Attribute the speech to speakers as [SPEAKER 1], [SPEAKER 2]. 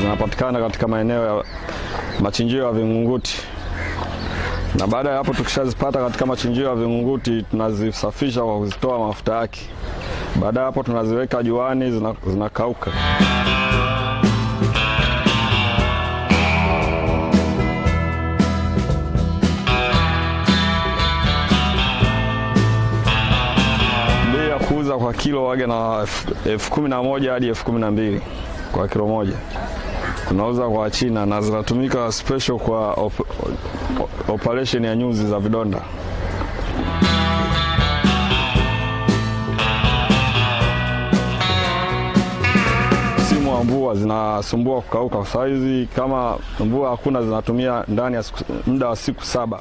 [SPEAKER 1] zinapatikana katika maeneo ya machinjio ya Vingunguti, na baada ya hapo tukishazipata katika machinjio ya Vingunguti tunazisafisha kwa kuzitoa mafuta yake. Baada ya hapo tunaziweka juani, zinakauka zina
[SPEAKER 2] kwa kilo wage na elfu kumi na moja hadi elfu kumi na mbili kwa kilo moja tunauza kwa china na zinatumika special kwa op operation ya nyuzi za vidonda. Msimu wa mvua zinasumbua kukauka. kwa hizi kama mvua hakuna, zinatumia ndani ya muda wa siku saba.